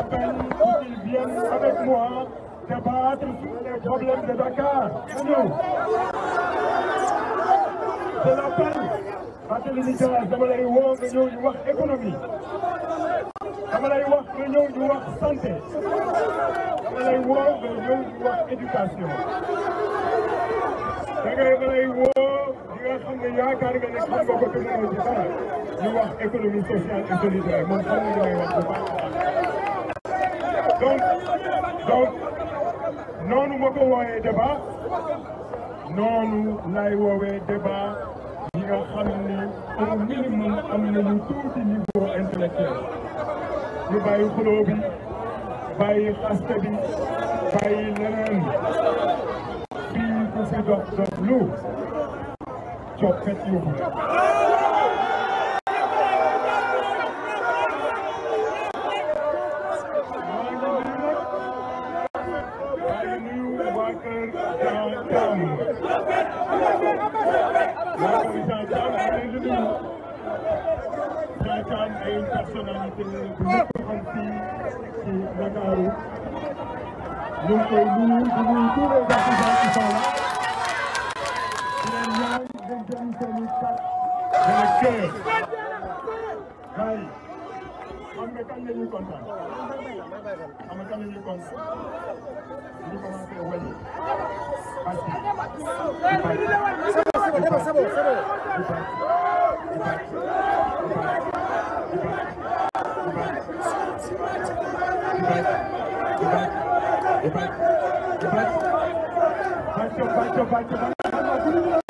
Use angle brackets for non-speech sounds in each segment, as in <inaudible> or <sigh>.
j'appelle qu'ils viennent avec moi débattre sur les problèmes de Dakar. Nous. Je l'appelle Barthélémy Dias dama lay woo nga ñëw ñu wax économie dama lay wax nga ñëw wax santé dama woo nga ñëw ñu wax éducation da ngay da woo di nga xam ne yaakaar nga ne wax économie sociale et solidaire moom wax bu baax donc noonu ma ko woowee débat noonu laay woowee débat yi nga xam ni au minimum am nañu tuuti niveau intellectuel ñu bàyyi xuloo bi bàyyi xaste bi bàyyi leneen fii fi dox dox lu coppet yuuxu Tantan est une personnalité bu ñëpp xam fii ci Ndakaaru ñu ngi koy nuyu di nuyu tous les artisans qui sont là di ñaan ngeen jëm seen i carte dans le cœur waaye xam nga kan la ñuy kontaan xam nga kan la ñuy kontaan ñu commencé wàññi parti di parti di parti di parti di parti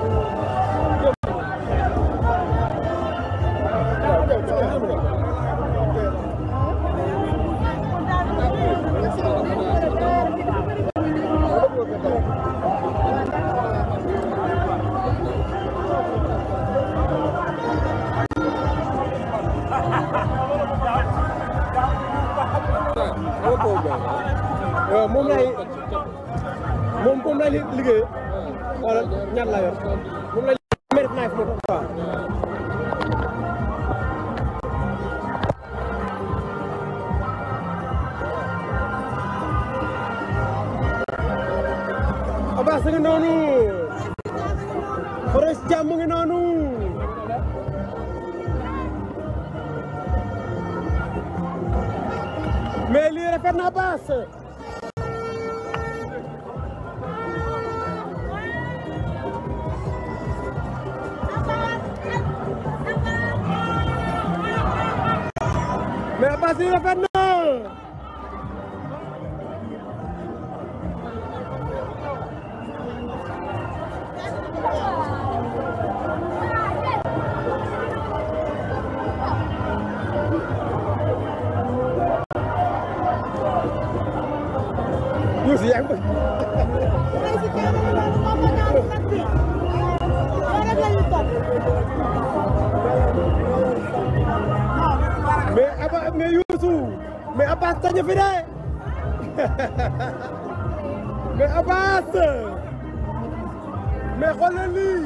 waaw moom laay moom moom laay liggéey xoolal ñaar laa yor moom laay mérite naa fi ma toog waaw Abass a ngi noonu Forest Thiam mu ngi noonu mais lii rafet na baas mais baas lii rafet na si yaa mais tañu fi de <laughs> mais Abbas mais xoolal lii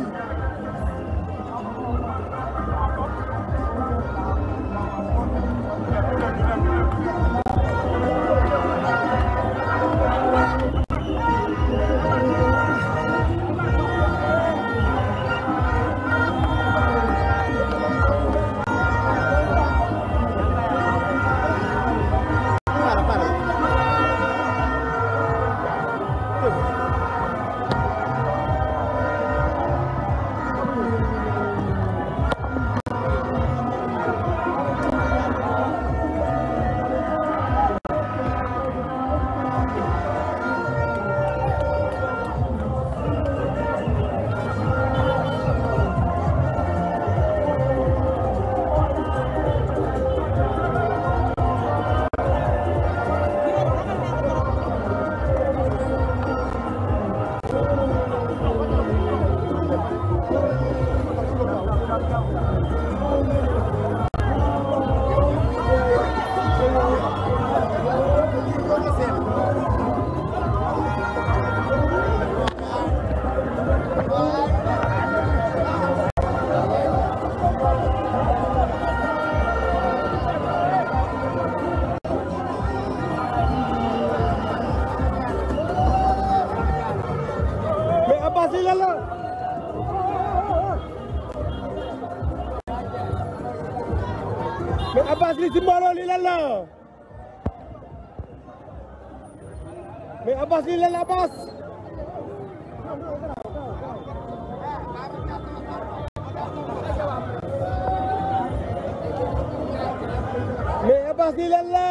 Abbas li ci mbooloo li lan la mais Abbas li lan la Abbas mais Abbas li lan la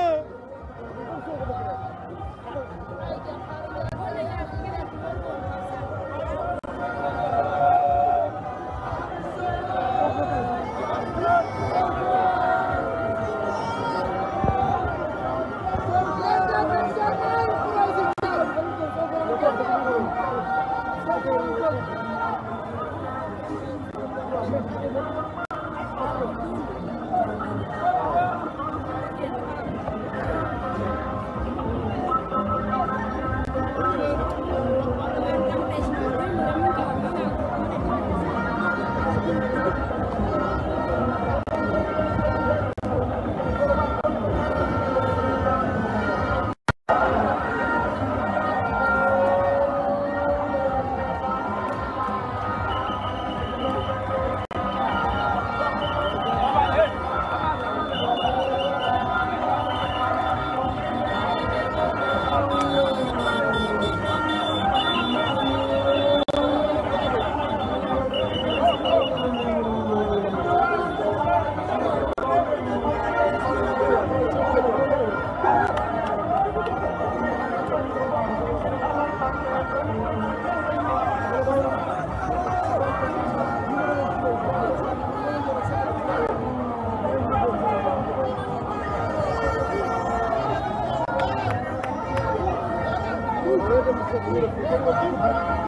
Thank you.